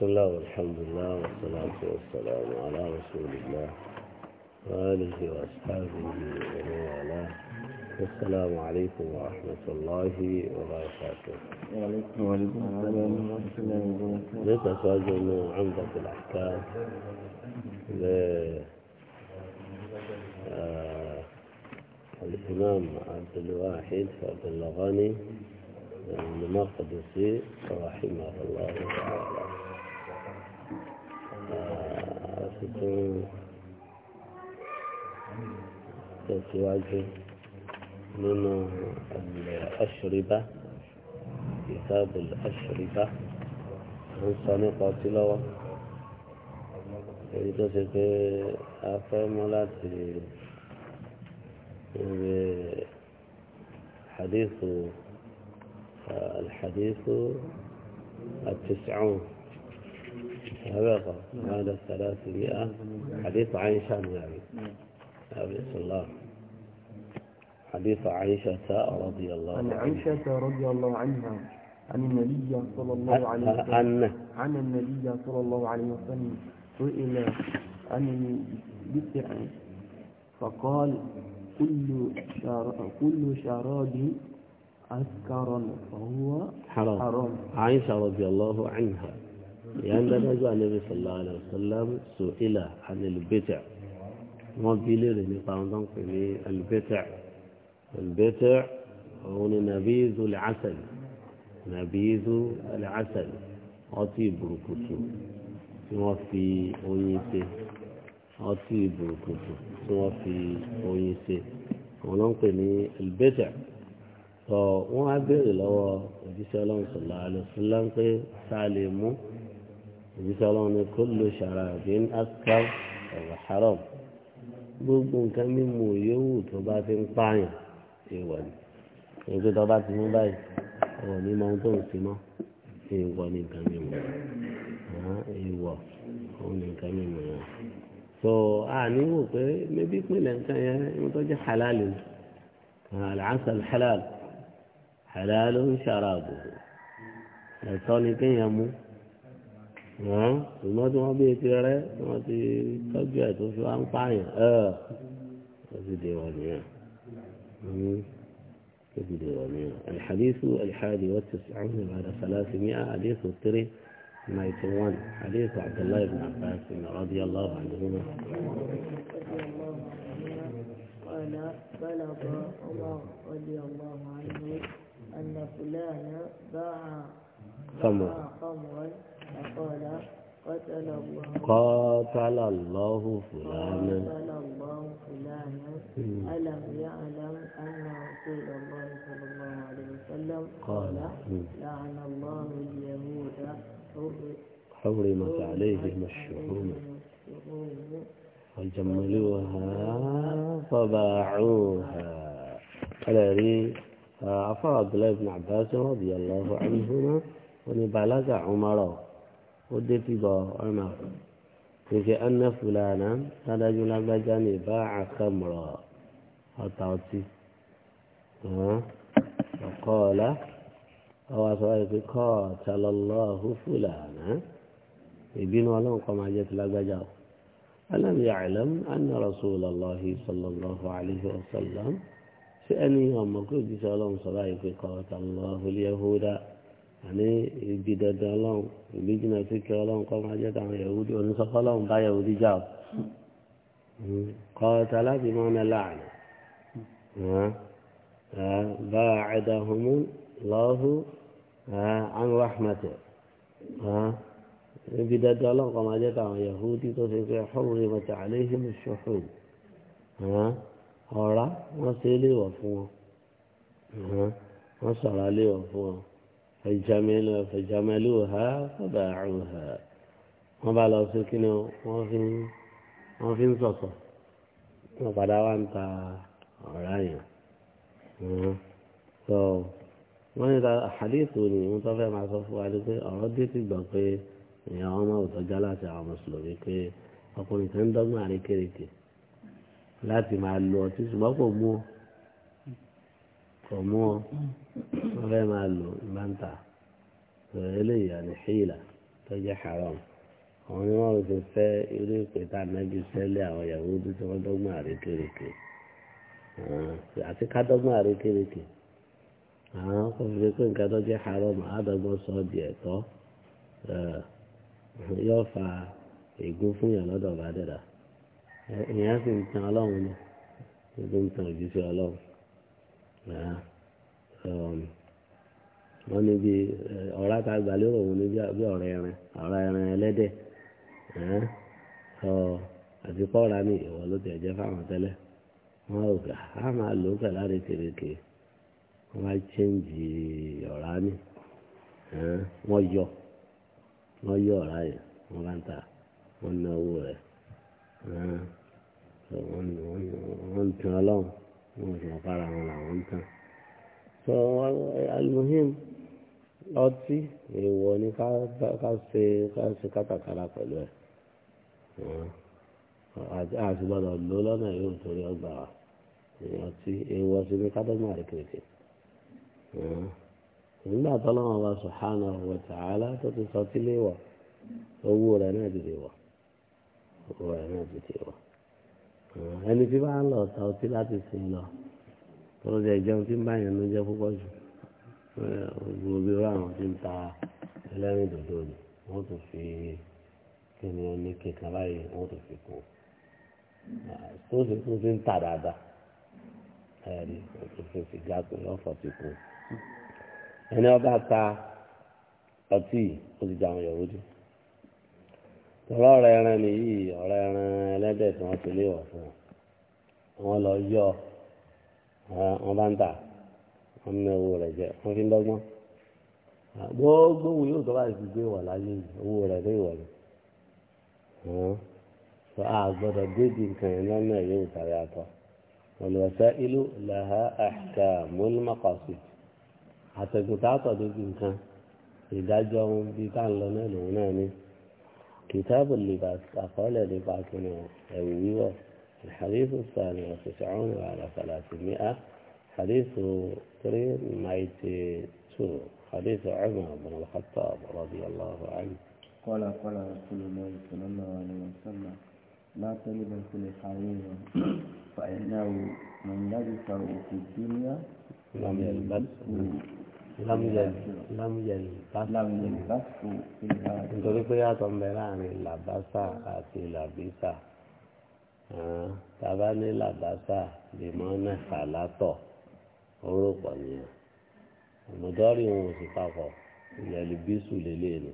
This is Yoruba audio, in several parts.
بسم الله والحمد لله والصلاة والسلام على رسول الله وآله وأصحابه ومن والاه السلام عليكم ورحمة الله وبركاته وعليكم السلام ورحمة الله وبركاته عمدة الأحكام ل آه، الإمام عبد الواحد عبد الله غني المقدسي رحمه الله تعالى ازواج آه، من الاشربه كتاب الاشربه هل سنقرا تلاوه اريد ان افهم حديث الحديث التسعون هذا هذا الثلاث مئة حديث عائشة النبي صلى الله حديث عائشة رضي الله عنها عن عائشة رضي الله عنها عن النبي صلى الله عليه وسلم عن, النبي صلى الله عليه وسلم سئل عن البسع فقال كل شر... كل شراب أسكر فهو حرام, حرام. عائشة رضي الله عنها ìyá ń dájú àlebi sọlá alẹ sọlá sọ ilà alẹlùbẹtẹ wọn bí léèrè nípa àwọn tó ń pè ní alùbẹtẹ alùbẹtẹ òun ni nàbíyízu lẹ́ásẹ̀l nàbíyízu lẹ́ásẹ̀l ọtí burúkutu tí wọ́n fi oyin ṣe ọtí burúkutu tí wọ́n fi oyin ṣe òun ló ń pè ní tó wọn á béèrè lọ́wọ́ òjíṣẹ́ ọlọ́run sọlá alẹ sọlá ń pè sáà mú òjíṣẹ́ ọlọ́run ní kullu sharabin askar wa haram gbogbo nǹkan mímu yòówù tó bá ti ń pààyàn èèwọ̀ ni èyí tó bá ti mú báyìí ọ̀rọ̀ ní máa ń tó ń sí mọ́ èèwọ̀ ní nǹkan mímu èèwọ̀ òun ní nǹkan mímu yẹn so àní wò pé mébí pínlẹ̀ nǹkan yẹn ń tọ́jú halal ni al-asal halal halal ń ṣàràbù ẹ̀tọ́ ni kéèyàn mú. ما تما بيتي على ما تي تجا تو عم طاي اه في ديوانيه امم في ديوانيه الحديث الحادي والتسعون بعد ثلاثمائة حديث الطري نايتوان حديث عبد الله بن عباس رضي الله عنهما قال بلغ عمر رضي الله عنه ان فلان باع خمرا قال قتل الله قاتل الله فلانا قاتل الله فلانا ألم يعلم أن رسول الله صلى الله عليه وسلم قال لعن الله اليهود حرمت عليهم الشحوم وجملوها فباعوها قال لي آه، عفا عبد الله بن عباس رضي الله عنهما ونبلغ عمره وديتي با أنا كي أن فلانا هذا جل بجاني باع خمرا أتعطي ها وقال أو أصحابي قاتل الله فلانا يبين ولو قم جت لجاو ألم يعلم أن رسول الله صلى الله عليه وسلم في أن يوم كل صلاة صلاة قاتل الله اليهود àní ibi dandan ọlọ́run ìbí jìnnà sí kí ọlọ́run kọ́ máa jẹ́ káwọn yahudi onísọ́kọ́ ọlọ́run bá yahudi jà ó kọ́ọ̀tà láti mọ́ ọ́nà láàánú bá àdàhùnmú lọ́hù àwọn rahmatẹ̀ ibi dandan ọlọ́run kọ́ máa jẹ́ káwọn yahudi tó ṣe pé ọ̀rùn ìmọ̀tà àléhìn ṣòfò ọ̀rá wọ́n ṣe léwọ̀ fún wọn wọ́n sọ̀rọ̀ léwọ̀ fún wọn. فجملوا فجملوها فباعوها ما بالا سكنوا ما في ما في نصصة ما بالا وانت رايا so wọ́n ní ta àdéhùn ni wọ́n tọ́ fẹ́ máa sọ fún wa ni pé ọ̀rọ̀ dé ti gbọ́ pé ìyàwó ọmọ òtọ́jà láti àwọn mùsùlùmí pé ọkùnrin kan ń dọ́gbọ́n àrékèrèké láti máa lo ọtí ṣùgbọ́n kò mú ọ. ọmú ọ wọn fẹẹ máa lò ìbáǹtà eléyìí àni hílà tó jẹ haram àwọn ni ti fẹ irú ìpè tá ànájú ṣẹlẹ̀ àwọn ìyàwó tó ti wọn dọ́gbọ́n àrékèrèké àti ká jẹ haram àádọ́gbọ́n sọ ọ di ẹ̀tọ́ yóò fa ègún fún Um, wọ́n níbi eh, ọ̀rá tá a gbà lérò òun níbi ọ̀rá ẹran ọ̀rá ẹran ẹlẹ́dẹ̀ sọ kọ́ra ní ìwọ ló tẹ̀ jẹ́ fáwọn tẹ́lẹ̀ wọ́n ò á máa lò ó pẹ̀ kèrèkè wọ́n á chẹ́ǹjì ọ̀rá ní wọ́n yọ wọ́n yọ ọ̀rá yẹn wọ́n bá ń ta wọ́n rẹ̀ wọ́n tún ọlọ́run. wọn sì mọ̀ fara wọn làwọn ń tàn. sọ alimuhim ọtí èèwọ̀ ni ká ṣe ká ṣe kátàkárà pẹ̀lú ẹ̀ àti gbọ́dọ̀ lò lọ́nà yóò torí ọgbà wa ọtí èèwọ̀ sí ni ká dọ́gbọ̀n ti ẹni tí bá ń lọ ta ọtí láti sìn lọ tó jẹ jẹun tí ń bá yẹn ló jẹ púpọ̀ jù gbogbo bí wọ́n àwọn tí ń ta ẹlẹ́rìn dòdò ni wọ́n tún fi kíni oní kékeré báyìí wọ́n tún fi kù tó sì tún ti ń tà dáadáa ẹ̀rí wọ́n tún fi sìgá pé ọ̀fọ̀ ti kù ẹni ọba ta ọtí ó ti jà àwọn yòówù jù ọlọ́rọ̀ ẹran nìyí ọ̀rọ̀ ẹran ẹlẹ́dẹ̀ tí wọ́n ti léwọ̀ fún wọn lọ yọ wọn bá ń tà wọn ní owó rẹ̀ jẹ wọn fi ń dọ́gbọ́n gbogbo wo yóò tó bá ti gbé wà láyé yìí owó rẹ̀ ló ìwọ̀lẹ̀ sọ a gbọ́dọ̀ débi nǹkan yẹn lọ́nà yóò tàbí atọ́ olùwẹ̀sẹ̀ ìlú làhà àṣà mọ́lùmọ́kọ̀sì àtẹ̀gùntà àtọ̀dẹ́bí nǹkan ìdájọ́ ohun bíi tá ń lọ náà lòun náà ní. كتاب اللباس أقول لباس أيوة الحديث الثاني وتسعون على ثلاثمائة حديث كريم مايت تو حديث عمر بن الخطاب رضي الله عنه قال قال رسول الله صلى الله عليه وسلم لا تلبس الحرير فإنه من لبسه في الدنيا لم يلبسه lámúyẹlì lásù nítorí pé yàtọ̀ ń bẹ láàrin làbásà àti làbísà tàbá ní làbásà lèmọ́nà àlátọ̀ orúkọ nìyẹn ọ̀nàdọ́rì wọn ò sì papọ̀ ìyẹlì bísù lélẹ̀ ni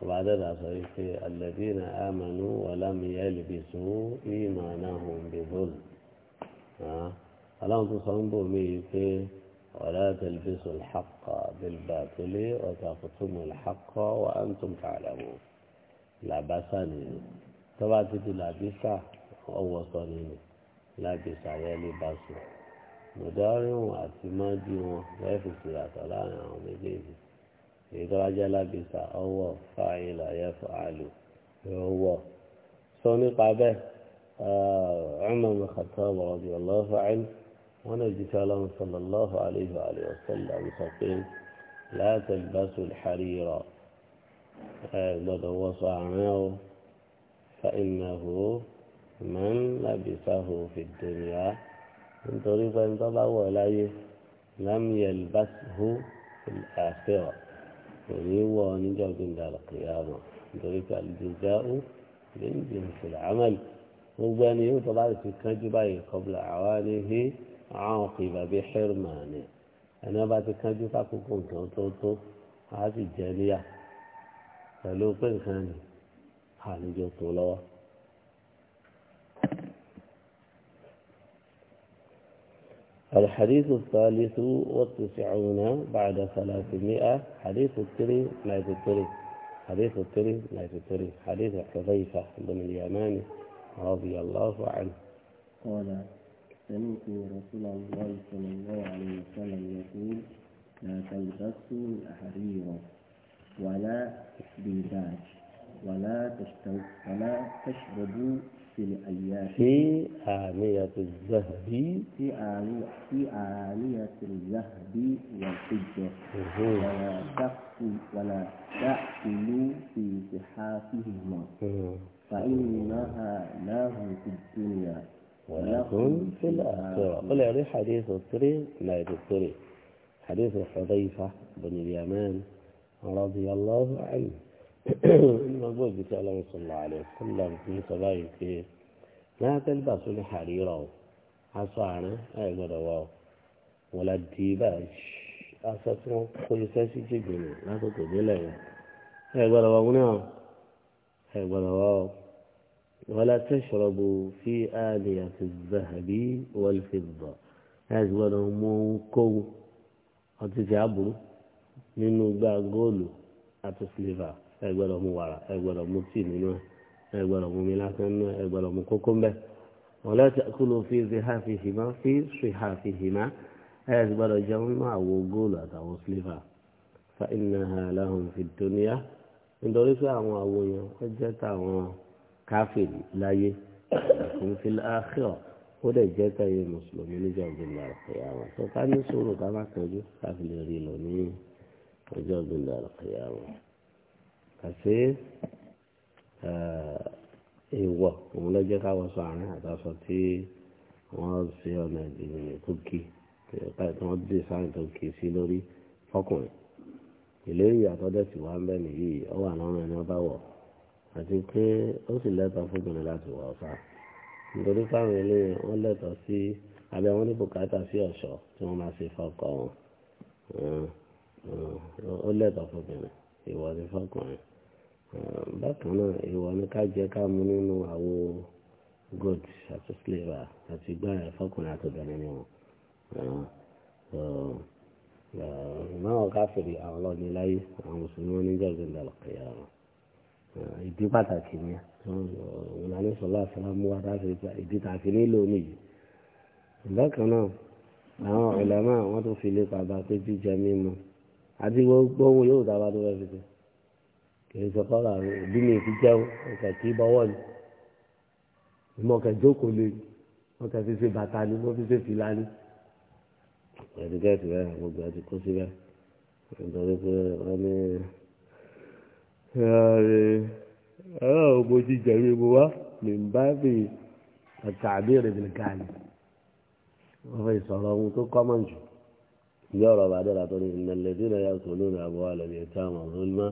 ọba adẹ́dà sọ wípé alladhina amanu wa lam yalbisu imanahum bidhulm ọlọ́run tó sọ ń bò mí pé. ولا تلبسوا الحق بالباطل وتقتموا الحق وأنتم تعلمون لبسانين طبعا تدي لبسة أو وصانين لبسة يعني باسو مداري وأتمادي ويفي سلاة لا نعم بجيزي إذا جاء لبسة أو فاعل يفعل هو صنق به عمر بن الخطاب رضي الله عنه ونجد كلام صلى الله عليه وآله وسلم فقيل لا تلبسوا الحرير بدو آه، صعمه فإنه من لبسه في الدنيا من طريقة أن طبع عليه لم يلبسه في الآخرة ونيو يعني ونجو من دار القيامة من طريقة الجزاء من جنس العمل هو بني يعني في كجبه قبل عوانه عاقب بحرمانه أنا بعد كان جوكا كوكون كون توتو هذه الجالية فلو كان كان حالي جو طولوا الحديث الثالث والتسعون بعد ثلاثمائة حديث التري لا التري حديث التري لا التري حديث حذيفة بن اليماني رضي الله عنه سمعت رسول الله صلى الله عليه وسلم يقول لا تلبسوا الأحرير ولا الديباج ولا ولا تشربوا في الأياس في آنية الذهب في آنية في آنية الذهب والفضة ولا تأكلوا ولا تأكلوا في صحافهما فإنها لهم في الدنيا ولكم في الآخرة طلع لي حديث الطريق لا الطريق حديث حذيفة بن اليمان رضي الله عنه المقبول بسأله صلى الله عليه وسلم في سبايك لا تلبس الحريرة عصانا أي واو ولا الديباج أساسا كل ساسي جبنا لا تقول لي أقول واو نعم أقول واو ولا تشربوا في آلية الذهب والفضة هذا ولو موكو أتجابوا nínú gbá góòlù àti sílífà ẹ gbọ́dọ̀ mu wàrà ẹ gbọ́dọ̀ mu tíì nínú ẹ ẹ gbọ́dọ̀ mu mi lásán nínú ẹ gbọ́dọ̀ mu kókó mbẹ wala ta'kulu fi zihafihima fi sihafihima ẹ gbọ́dọ̀ jẹun nínú àwo góòlù àtàwọn sílífà fa innaha lahum fi dunya nítorí pé àwọn àwo yẹn ẹ jẹ táwọn káfíìrì láyé àfihàn fi áhìọ ó dẹ̀ jẹ́ káyé mùsùlùmí níjọ́ gbìndà àlùkìyàwó tó ká ní sòrò ká má tọ́jú káfíìrì rí lọ ní ọjọ́ gbìndà àlùkìyàwó àti ìwọ òun lọ jẹ́ káwọ́ sọ àárín àtàsọ tí wọ́n ṣe ọ̀nà ìdìbò tó kí tí wọ́n dé sáyẹn tó kí sí lórí fọkùnrin ìlérí àtọ́jọ́ sì wá ń nìyí ọwọ́ àná ọ̀rọ̀ ẹni ọba wọ̀ ọ́ àti pé ó sì lẹ́tọ̀ọ́ fóbìnrin láti wọ ọ̀sà nítorí fáwọn ilé wọn lẹ́tọ̀ọ́ sí abẹ́ wọn ní bùkátà sí ọ̀ṣọ́ tí wọ́n máa ṣe fọ́kọ wọn ó lẹ́tọ̀ọ́ fóbìnrin ìwọ ni fọkùnrin bákan náà ìwọ ni ká jẹ ká mu nínú àwo gold àti silver àti gbára fọkùnrin àti obìnrin ni wọn náà ká fèrè àwọn ọlọ́ọ̀ni láyé àwọn mùsùlùmí wọn ní jẹ́ ìgbìndàlọ́kẹ́yà wọn ìdí pàtàkì ni òun alẹ́ sọlá sàlámù wa láti gba ìdí tààfin nílò nìyí bákan náà àwọn ìlànà àwọn tó fi lè pàbà pé jíjẹ mímu àti gbogbo ohun yóò dábàá tó fẹ́ fi jẹ kì í sọ kọ́lá òbí mi fi jẹun ọkà kì í bọ́wọ́ ni ìmọ̀ ọkà jókòó lé ọkà fi ṣe bàtà ni mo fi ṣe fìlà ni ẹ̀dùkẹ́ ti rẹ̀ gbogbo àti kó síbẹ̀ nítorí pé wọ́n ní ọ mo ti jẹ̀rí mo wá mi ń bá bí àtàbí ìrìnlẹ̀ gàlì wọ́n fẹ́ sọ̀rọ̀ ohun tó kọ́ mọ̀ jù ìyá ọ̀rọ̀ bàdé la tó ní ìnàlẹ̀ tí ìrìnlẹ̀ yàtọ̀ lónìí àbọ̀ alẹ́ ní ẹ̀ta àwọn olùmọ̀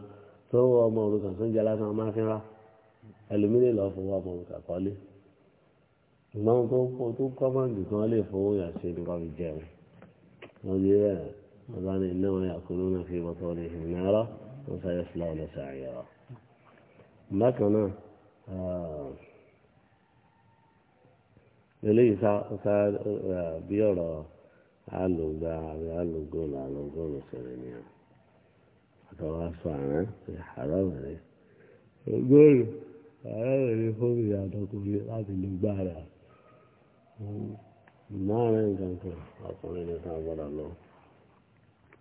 tó wọ ọmọ òrukàn tó ń jẹ lásán máa fi ra ẹlòmílẹ̀ lọ fowó ọmọ òrukàn kọ́lé ìmọ̀n tó tó kọ́ mọ̀ kan lè fowó yà sí nǹkan ìjẹun wọ́n yé ẹ̀ ọ̀bá ní yà kúrú náà fi bọ́tọ̀ ní ìhìn náírà وسيصلون سعيرا مكان إلي آه. سا سا آه، بيرا علو دا علو جول علو جول سرينيا أتواصل أنا في حرام لي جول أنا اللي فوق يا دكتور لا تجيب ما من كان كل أقوم إلى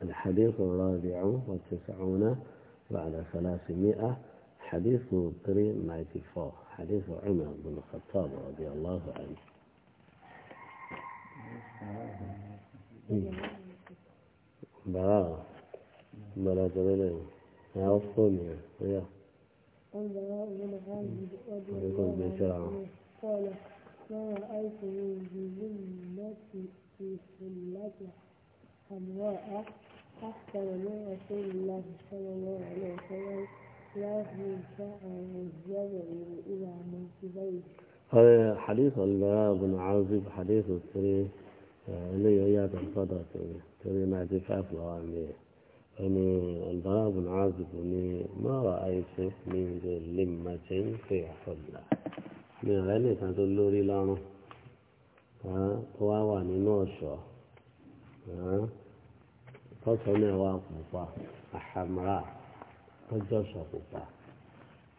الحديث الرابع والتسعون بعد 300 حديث 394 حديث عمر بن الخطاب رضي الله عنه بلا بلا جميلين يا أفضل يا قال ما من بذمة في سنته حمراء أحسن من رسول الله صلى الله حديث البراء بن عازب حديث السري اللي هي تنفضل تري ما زفاف الغامية أني البراء بن عازب أني ما رأيت من ذي لمة في حلة من غير كان تلوري لانه ها تواوا نوشو ها فصلنا واقفة أحمراء فجر شفوفة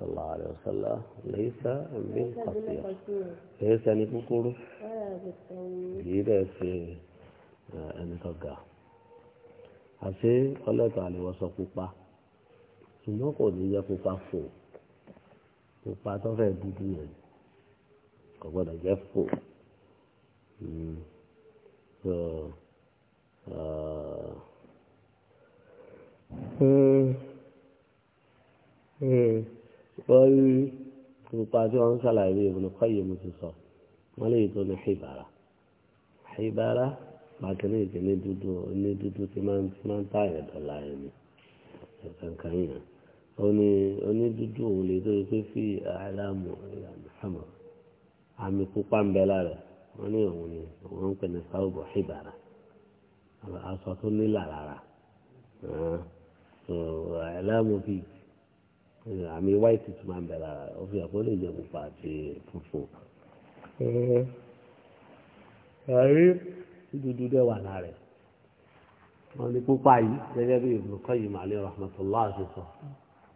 صلى الله عليه وسلم ليس بالقصير ليس نكوكور ليس ẹnìkankan àṣé ọlọ́tọ̀ àlèwọ̀sọ pupa ṣùgbọ́n kò ní jẹ́ pupa fò pupa tó fẹ́ dúdú yẹn kò gbọ́dọ̀ jẹ́ fò Mm. Mm wọ́n rí nípa tí wọ́n ń ṣàlàyé ìbùnú kọ́yè mo ti sọ wọ́n lè tó ní ṣèbára ṣèbára pàtẹ́lì ìdí ní dúdú ní dúdú tí máa ń tí máa ń tà ẹ̀ dọ̀là ẹ̀ ni kankan yẹn oní oní dúdú òun lè tó pé fi àlámù àmọ́ àmì pupa ń bẹ lára wọ́n ní òun ni òun ń pè ní sáwùbọ̀ ṣèbára aṣọ tó nílà lára àlámù bíi. Eh, àmì white tó máa ń bẹ̀rẹ̀ ara ó fi pupa àti funfun. Eh, ẹ̀rí dúdú dẹ́ wà lára rẹ̀ wọ́n ní pupa yìí gẹ́gẹ́ bí Ibn Qayyim alayhi rahmatullah ṣe sọ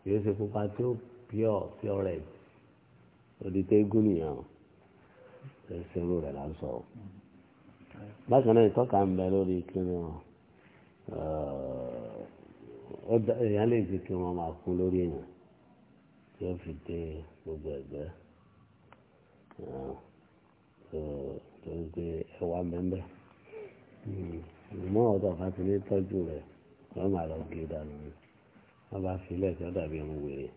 kìí ṣe pupa tí pure pure red òdìtẹ́ egún nìyẹn o ẹsẹ̀ ló rẹ̀ là ń sọ bákan náà ìtọ́ka ń bẹ lórí kíni wọn eh, lè jẹ́ kí wọ́n máa kú lórí tí ó fi dé gbogbo ẹ̀gbẹ́ torí pé ẹwà mẹ́mbẹ́ hmm, ìmọ̀ ọ̀dọ̀ bá ti ní tọ́jú rẹ̀ wọ́n máa lọ gé dànù ni wọ́n bá filẹ̀ tí ó dàbí ohun wèrè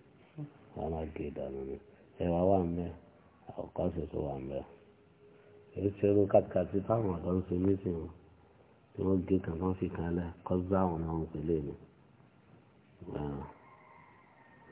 wọ́n máa gé dànù ni ẹwà wà ń bẹ́ àkọ́kọ́ sì tó wà ń bẹ́ èyí tí ó kàtìkàtì táwọn ọ̀dọ́ ń ṣe mítìn tí wọ́n gé kan fi kan lẹ̀ kọ́ záwọn náà ń pèlè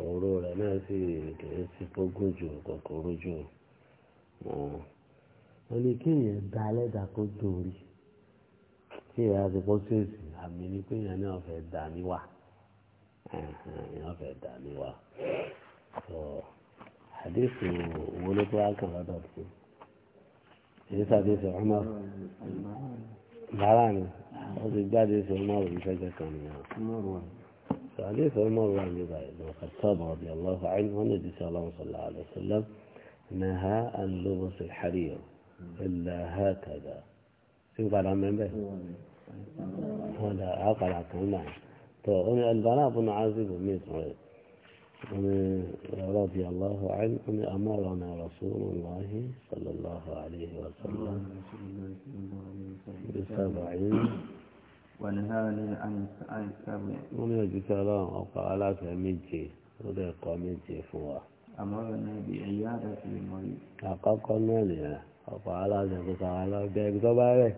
kòkòrò rẹ̀ náà sì kìí sí fógún jù kòkòrò jù wọ́n ní kí èèyàn da ẹlẹ́dàá kó dòrí kí èèyàn ti pọ́ sí èsì àmì ni pé èèyàn náà fẹ́ dà níwà èèyàn fẹ́ dà níwà àdéhùn owó ló tó wá kàn lọ́dọ̀ sí èyí sàdéhùn ọmọ bàárà ni wọ́n ti gbáde sí ọmọ òbí fẹ́jẹ̀ kan nìyẹn. فعليه عمر بن الخطاب رضي الله عنه النبي صلى الله عليه وسلم نهى عن لبس الحرير إلا هكذا شو قال عن من به؟ هذا عقل عقل نعم فأنا طيب، البراء بن عازب بن رضي الله عنه أن أمرنا رسول الله صلى الله عليه وسلم بسبع ونهاني عن عن السبع ومن كلام أوقع على فمجي وده قامجي فوا أمرنا بعيادة المريض أقاقنا لها أوقع على ذلك على بيك طبعا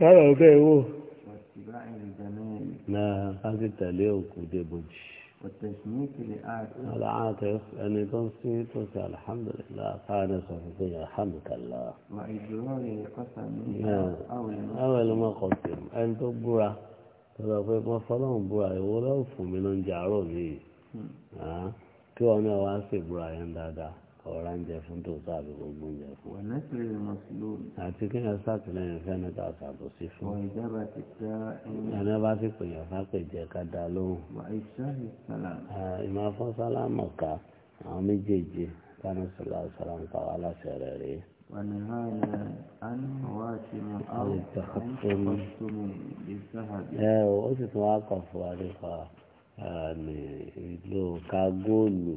كانوا بيقول واتباع الجمال نعم هذه تليه وكده بوجه والتشميت لعاطف العاطف أن يكون في توسع الحمد لله فأنا صحيح الحمد لله وإجرار القسم أول ما قسم أن تبرع تلقيت ما فلان برع ولو فمن جعروني كيوانا واسي برع يندادا ọ̀rá ń jẹ fún tòótọ́ àbí gbogbo ń jẹ fún. àti kí ẹ sàtìlẹ́yìn fẹ́ni tó àṣàbò sí fún. ẹni bá ti pè yàn fápèjẹ ká dá lóhùn. ìmọ̀ fún sálámù ká àwọn méjèèjì kánú sọlá sọlá ń pa wá láṣẹ rẹ̀ rèé. ونهانا أن هواتم أو تخطم بالذهب. إيه وقت تواقف وعليها يعني لو كاغولو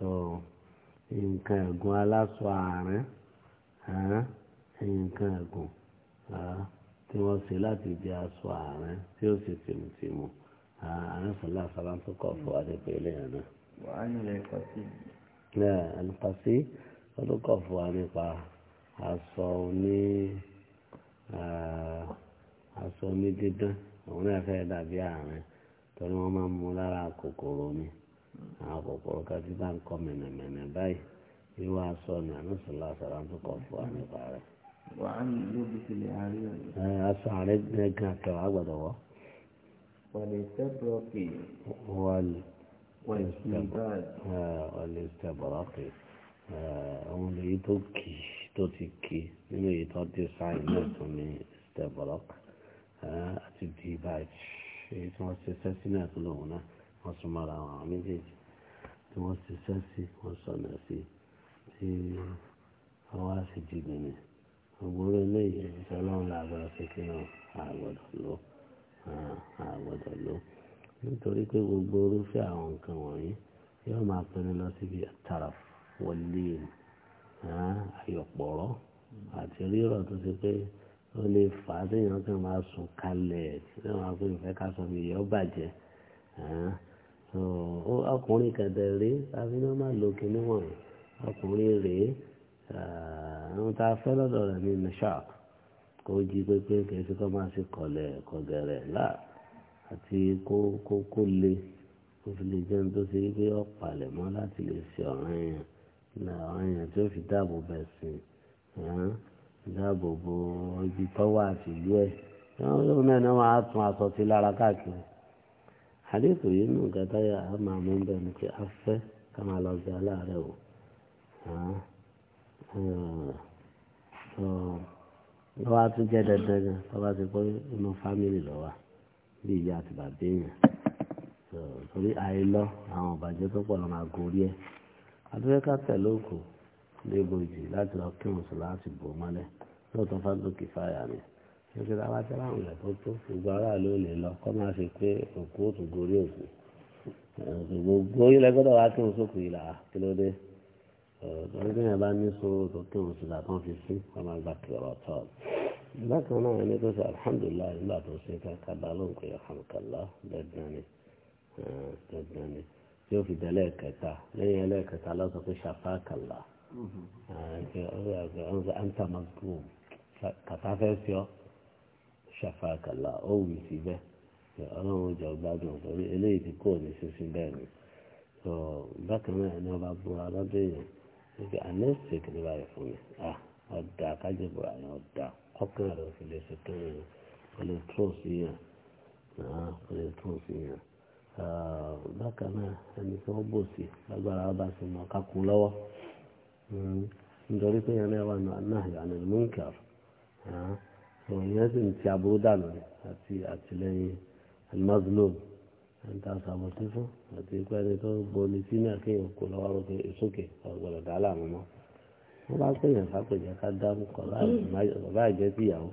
so nǹkan ẹ̀gùn aláṣọ àárín nǹkan ẹ̀gùn tí wọ́n ṣe láti di aṣọ àárín tí ó sì tìmùtìmù àárín fúnlá sábà tó kọ̀ fún wa nípa ilé yẹn náà. wàá nílẹ̀ ẹ̀kọ́ sí. ẹ̀ẹ́dẹ̀kọ́ sí olùkọ́ fún wa nípa aṣọ oní aṣọ oní dídán òun náà fẹ́ dàbí àárín torí wọ́n máa ń mú lára kòkòrò ni àwọn kòkòrò kájú bá ń kọ mẹ̀nàmẹ̀nà báyìí irú aṣọ ni ànúṣọlá sọ̀rọ̀ tó kọ̀ fún wa nípa rẹ̀. aṣọ ààrẹ gẹ́gẹ́ kẹwàá gbọ́dọ̀ wọ̀. wàlẹ̀sẹ̀bọ̀rọ̀kì. wàlẹ̀sẹ̀bọ̀rọ̀kì. ohun èyí tó kì tó ti kì nínú èyí tó dé sáyìn náà tó ní sẹ̀bọ̀rọ̀kì àti dìbàjì èyí tí wọ́n ṣe sẹ́sìn náà tó lòun náà wọ́n sún mọ́ra àwọn méjèèjì tí wọ́n ṣiṣẹ́ sí wọ́n sọ̀nà sí tí wọ́n wá sí jìgbìnì ògbóró eléyìí ìṣẹ́ ọlọ́run làgbọ́dọ̀ kékeré àgbọ̀dọ̀ ló àgbọ̀dọ̀ ló nítorí pé gbogbo orúfẹ́ àwọn nǹkan wọ̀nyí yóò máa pinnu lọ síbi àtàrà wọlé ayọ̀pọ̀rọ̀ àti rírọ̀ tó ṣe pé ó lè fà á téèyàn kan máa sùn kalẹ̀ tí wọ́n máa fi ìfẹ́ ká sọ mi yọ bàjẹ́ Hmm, ọkùnrin kẹ̀dẹ̀ rèé abiná má lo kinní wọ̀nyí ọkùnrin rèé àwọn tá a fẹ́ lọ́dọ̀ rẹ̀ ní nishaq kó jí pépé kìí sí kó máa ṣe kọ̀lẹ̀ kọ̀gẹ̀rẹ̀ láà àti kó kó kó le kó fi lè jẹun tó ṣe wípé ọ̀pàlẹ̀ mọ́ láti lè ṣe ọ̀ràn yẹn ní ọ̀ràn yẹn tí ó fi dáàbò bẹ̀ sí dáàbò bo ibi tọ́wọ́ àti ìlú ẹ̀ náà náà wọ́n á tún aṣọ sí lára káàkiri hadith yìí nù gàdáyà á máa mú bẹ́ẹ̀ ni pé a fẹ́ ká máa lọ sí aláàárẹ̀ o lọ́wọ́ á tún jẹ́ dandan gan tọ́ba ti pọ́ inú fámìlì lọ́wọ́ bí ìyá àti bàbá èèyàn torí àìlọ àwọn ọ̀bàjẹ́ tó pọ̀ lọ́mọ àgórí ẹ̀ adúlẹ́ká tẹ̀lé òkú lébòjì láti lọ kírun sùn láti bò mọ́lẹ̀ ni ṣe dáwà tí láwọn èèyàn tó tó gbogbo aráàlú ò lè lọ kọ́ máa ṣe pé òkú ò tún gorí òkú gbogbo ilẹ̀ gbọ́dọ̀ wá kí n sókù ìlà kí ló dé ọ̀rọ̀ tí yẹn bá ní sóró tó kí n sùdà tán fi sí ọmọ àgbà kìlọ̀ tọ́ bákan náà ẹni tó ṣe alhamdulilayi nígbà tó ṣe káka bá ló ń pè alhamdulilah dandan ni tí ó fi dẹ́lẹ̀ kẹta lẹ́yìn ẹlẹ́kẹta lọ́sọ̀ pé ṣàfáàkàlà ẹ̀ ẹ̀ ẹ̀ ń ta mọ́tò kàtà fẹ́ fi ọ́. ṣàfàkàlà ó wù sí bẹ́ẹ̀ ọlọ́run ó jẹ́ ọgbádùn torí eléyìí ti kó ní sísí ni tó bákan náà ẹni ọba búra lọ́dún èèyàn wípé anẹ́sìk ní báyìí fún mi à ọ̀dà kájọ̀bọ̀ àyàn ọ̀dà ọkàn rẹ̀ fi lè ṣètò hmm, yẹn kò lè na sí yẹn kò lè àwọn èèyàn sì ń ti aburú dànù ni àti àtìlẹ́yìn almazlum ẹni tá a sàbòsí fún àti ikú ẹni tó bomi sínú àkéèyàn kò lọ́wọ́ lókè sókè ọ̀gbọ̀dọ̀ dá láàmú mọ́ wọ́n bá pèèyàn sápèjẹ ká dárúkọ bàbá àjẹ́ tìyàwó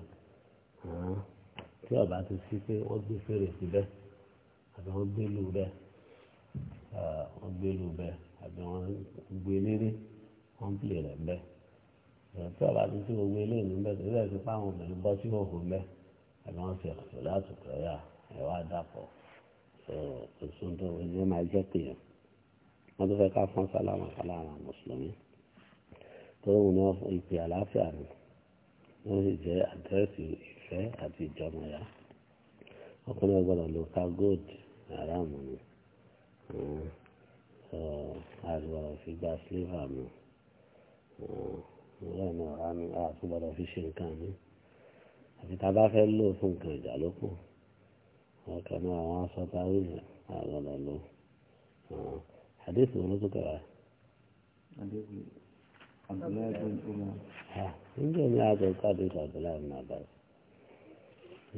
tí ọba ti sí pé wọ́n gbé fèrè síbẹ̀ àbí wọ́n gbé lù bẹ́ẹ̀ wọ́n gbé lù bẹ́ẹ̀ àbí wọ́n gbé léré wọ́n pè rẹ̀ bẹ́ẹ̀ tí ọba ti tí gbogbo eléyìí níbẹ̀ tó bẹ́ẹ̀ fi fáwọn obìnrin bọ́ sí òhun bẹ́ẹ̀ àbí wọ́n ṣe ọ̀sẹ̀ láti pẹ̀lú ẹ̀ wá dàpọ̀ ọ̀sùn tó ilé máa jẹ́ pé wọ́n tó fẹ́ ká fún sálámà sálámà mùsùlùmí tó ń ní ìpè àlàáfíà ni wọ́n sì jẹ́ àdírẹ́sì ìfẹ́ àti ìjọba ya ọkùnrin gbọ́dọ̀ lo ká gold aráàmù ni àgbọ̀dọ̀ fi gba sílífà mi àmì àtúbọ̀dọ̀ fi ṣe nǹkan mi àti tá a bá fẹ́ lò fún nǹkan ìjà ló kù wọn kàn ní àwọn aṣọ tá a rí yẹn àgọ́dọ̀ lò àdéhùn ló tó kẹwàá. níjẹ́ mi àgbẹ̀ káàdì ìtàgbẹ́ láàrin àbá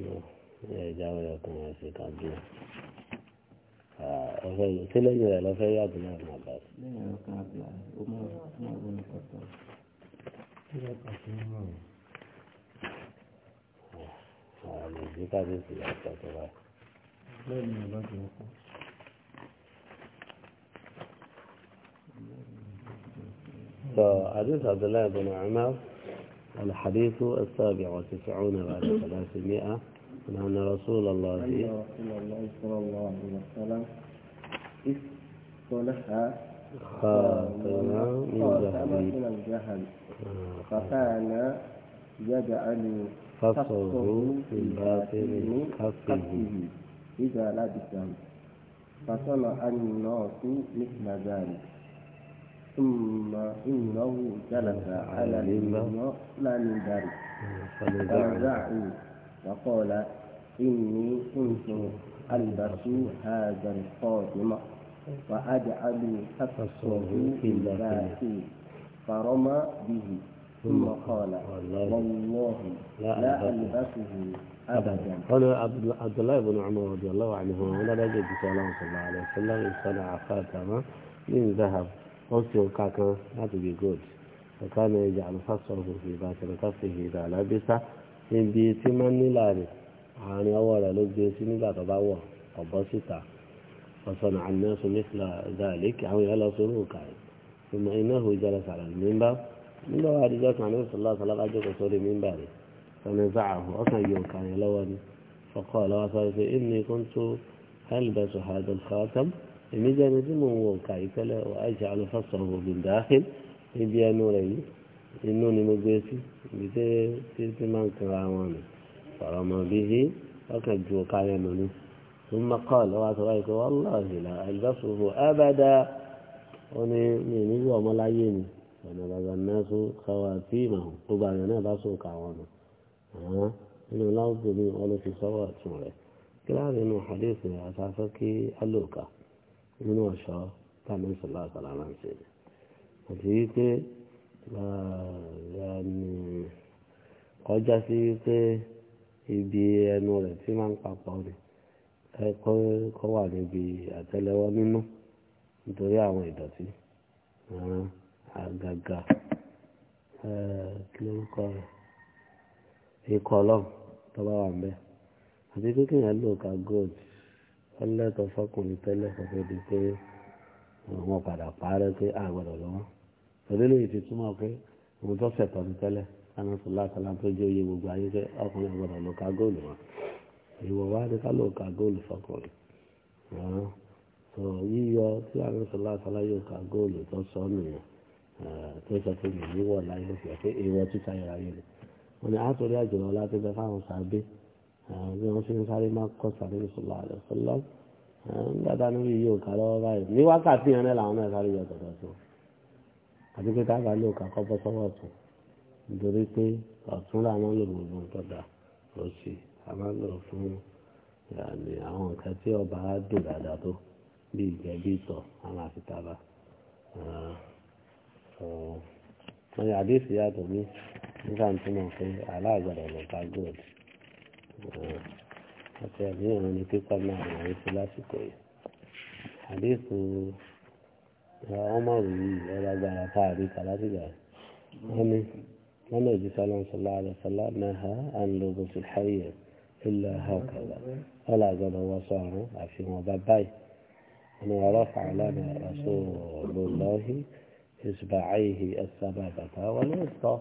ẹ̀ jáwé ọkùnrin ẹ̀sìn kan bí ọ̀fẹ́ sílẹ̀ yẹn lọ́fẹ́ yàgbẹ́ láàrin àbá. lẹ́yìn ọkùnrin àbí ọmọ ọmọ ọgbọ́n ìfọ̀tọ̀. حديث عبد الله بن عمر الحديث السابع والتسعون بعد ثلاثمائة أن رسول الله صلى الله عليه وسلم اصطلح خاتما من ذهب فكان يجعل خصه في باطن خصه إذا لبسه فصنع الناس مثل ذلك ثم إنه جلس على المولى من ذلك فنزعه وقال إني كنت ألبس هذا الخاتم وأجعلوا أكثره بالذات فرمى به ثم قال والله لا ألبسه أبدا قال عبد الله بن عمر رضي الله عنه لا يجد سلام صلى الله عليه وسلم صنع خاتما من ذهب أوسيو كاكا not to be good فكان يجعل فصله في باطن كفه إذا لبسه níbi tí máa ń nílà rẹ̀ àárín ọwọ́ rẹ̀ ló gbé sí فصنع الناس مثل ذلك أو يلا سروقا ثم إنه جلس على المنبر من بعد ذلك عن رسول الله صلى الله عليه وسلم من بعده فنزعه أصلا كان يلوني فقال وصلت إني كنت ألبس هذا الخاتم إذا نزم وكايكل وأجعل فصه من داخل إبيا نوري إنوني مجلسي بتي تلتمان كراماني فرمى به وكان جوكايا نوني ثم قال وأتريك والله لا ألبسه أبدا وني من هو ملايين ونبذ الناس خواتيمهم وبعدنا بسوا كعوانا ها إنه لا بد من في سواء سورة كلام إنه حديث أساسك ألوكا إنه أشعر كان صلى الله عليه وسلم حديث يعني قد جاسي ibi ẹnu rẹ̀ tí máa ń papọ̀ rẹ̀ ẹ̀kọ́ kọ́ wà níbi àtẹ́lẹwọ́ nínú nítorí àwọn ìdọ̀tí ọ̀ràn àgàgà kí ló ń kọ́ rẹ̀ ikọ̀ ọlọ́run tó bá wà níbẹ̀ àti pé kéèyàn lò ká gold ọlẹ́tọ̀ fọkùnrin tẹ́lẹ̀ kọ́kọ́ di pé wọ́n padà parẹ́ pé àgbọ̀dọ̀ lọ́wọ́ òdélé yìí ti túmọ̀ pé òun tó fẹ̀tọ́ ní tẹ́lẹ̀ sanásọ̀lá sọlá tó jẹ́ oyè gbogbo ayé pé ọkùnrin àgbọ̀dọ̀ lò ká gold wọn ìwọ wá ní ká ló ka góòlù fọkùnrin tó yíyọ tí àwọn sọlá sọlá yóò ka góòlù tó sọ nìyẹn eh, tó sọ pé mi níwọ̀ láyé ló fi pé ìwọ títa yàrá yìí ni wọn ni àtúndì àjùlọ láti bẹ fáwọn sàbẹ eh, bí wọn fi ń sáré má kọ sàbẹ ní sọlá rẹ sọlá nígbà eh, tá nínú yìí yóò ka lọ́wọ́ báyìí ní wákàtí yẹn làwọn náà sáré yọ tọ̀tọ̀ tó àti pé a máa ń lò fún ìyàní àwọn nǹkan tí ọba á dùn dáadáa tó bí ìgbẹ́ bí ìtọ̀ a máa fi tábà wọ́n yà àdéhùn yàtọ̀ ní nígbà tó mọ̀ pé aláàgbàdàn lọ bá gold àti àdéhùn ní pípọ̀ náà àwọn ètò lásìkò yìí àdéhùn ọmọ òyìn ọlágbára káàrí kàlásìgbà wọ́n ní wọ́n lè jí sálọ́nsọ́lá àlọ́sọ́lá náà á ń lo ilẹ̀ hakala ọ̀là àgbàdo wọn sọ̀rọ̀ àfihàn bá báyìí wọn wọ́n rọ́fà lánà ẹ̀sọ́ lọ́lọ́hì ìsìbàáyìí ẹ̀sàbà bàtà wọn ní ìtọ́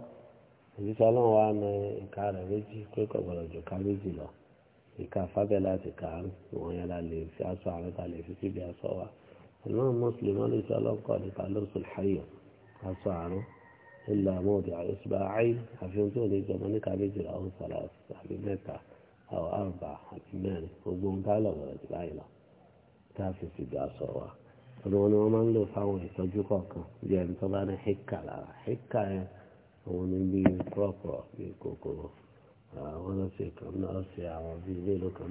òjíṣẹ́ ọlọ́run wa ní ìka rẹ̀ méjì pé kò gbọdọ̀ jù ká méjì lọ ìka fábẹ́ láti kà á wọ́n yẹn la lè fi aṣọ àrùn ta lè fi síbi aṣọ wa ìmọ̀ mùsùlùmí wọn lè sọ ọlọ́kọ̀ nípa lóṣù láyò aṣọ àrùn ilẹ̀ àmọ́ òdì àìsíbà àìsí àfihàn tí ò ní jọmọ níka méjì lọ́wọ́ sàlàsì àbí mẹ́ta. àwọn àǹfà àti mẹ́rin gbogbo ń tálọ̀ lọ́rọ̀ jù báyìí lọ tá a fi sìgá sọ wa ọdún wọn ni wọ́n máa ń lò fáwọn ìtọ́jú kọ̀ọ̀kan bí ẹni tó bá ní híkà na híkà yẹn àwọn ní bí púrọ̀pùrọ̀ bí kòkòrò àwọn ló ṣe kàn náà ṣe àwọn bí ilé ìlú kan